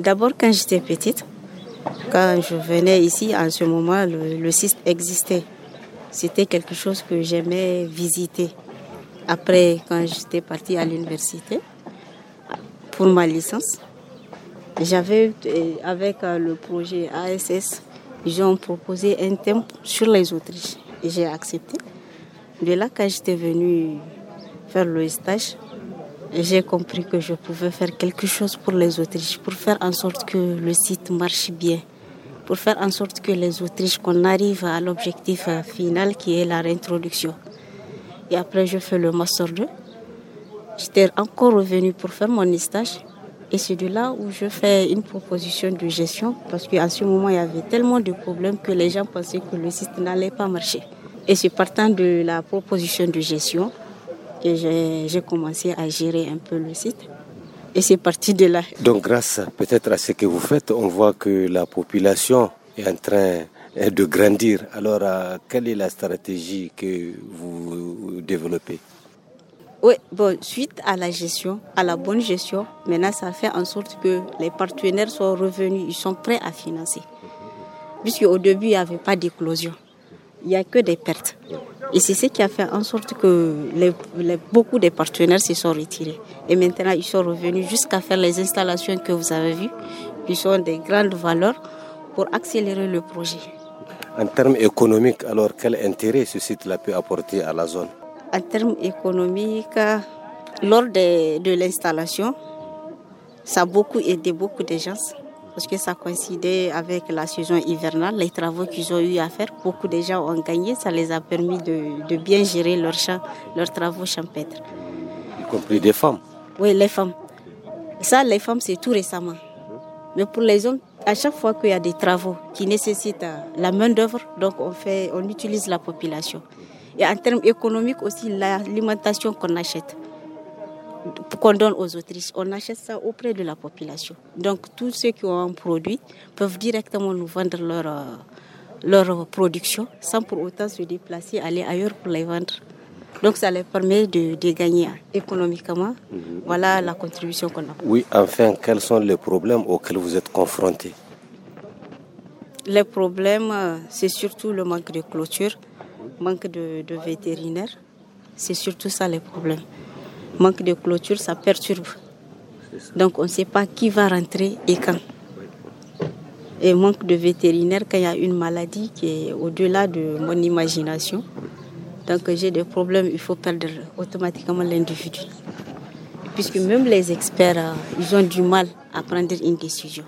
D'abord, quand j'étais petite, quand je venais ici, en ce moment, le, site existait. C'était quelque chose que j'aimais visiter. Après, quand j'étais partie à l'université pour ma licence, j'avais, euh, avec euh, le projet ASS, ils ont proposé un thème sur les Autriches. Et j'ai accepté. De là, quand j'étais venue faire le stage, j'ai compris que je pouvais faire quelque chose pour les Autriches, pour faire en sorte que le site marche bien, pour faire en sorte que les Autriches, qu'on arrive à l'objectif final qui est la réintroduction. Et après, je fais le Master 2. J'étais encore revenue pour faire mon stage. Et c'est de là où je fais une proposition de gestion parce qu'en ce moment, il y avait tellement de problèmes que les gens pensaient que le site n'allait pas marcher. Et c'est partant de la proposition de gestion que j'ai commencé à gérer un peu le site. Et c'est parti de là. Donc grâce peut-être à ce que vous faites, on voit que la population est en train de grandir. Alors euh, quelle est la stratégie que vous développez oui, bon, suite à la gestion, à la bonne gestion, maintenant ça fait en sorte que les partenaires sont revenus, ils sont prêts à financer. Puisqu'au début, il n'y avait pas d'éclosion, il n'y a que des pertes. Et c'est ce qui a fait en sorte que beaucoup des partenaires se sont retirés. Et maintenant, ils sont revenus jusqu'à faire les installations que vous avez vues, qui sont des grandes valeurs pour accélérer le projet. En termes économiques, alors quel intérêt ce site-là peut apporter à la zone En termes économiques, lors de, de l'installation, ça a beaucoup aidé beaucoup de gens parce que ça coïncidait avec la saison hivernale, les travaux qu'ils ont eu à faire. Beaucoup de gens ont gagné, ça les a permis de, bien gérer leurs champs, leurs travaux champêtres. Y compris des femmes Oui, les femmes. Ça, les femmes, c'est tout récemment. Mais pour les hommes, à chaque fois qu'il y a des travaux qui nécessitent euh, la main-d'œuvre, donc on, fait, on utilise la population. Et en termes économiques aussi, l'alimentation qu'on achète qu'on donne aux autrices. On achète ça auprès de la population. Donc tous ceux qui ont un produit peuvent directement nous vendre leur, euh, production sans pour autant se déplacer, aller ailleurs pour les vendre. Donc ça leur permet de, gagner économiquement. Mhm. Voilà la contribution qu'on a. Oui, enfin, quels sont les problèmes auxquels vous êtes confrontés Les problèmes, euh, c'est surtout le manque de clôture, manque de, de vétérinaires. C'est surtout ça les problèmes manque de clôture, ça perturbe. Donc on ne sait pas qui va rentrer et quand. Et manque de vétérinaire quand il y a une maladie qui est au-delà de mon imagination. Donc j'ai des problèmes, il faut perdre automatiquement l'individu. Puisque même les experts, euh, ils ont du mal à prendre une décision.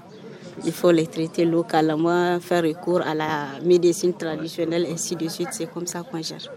Il faut les traiter localement, faire recours à la médecine traditionnelle, ainsi de suite. C'est comme ça qu'on gère.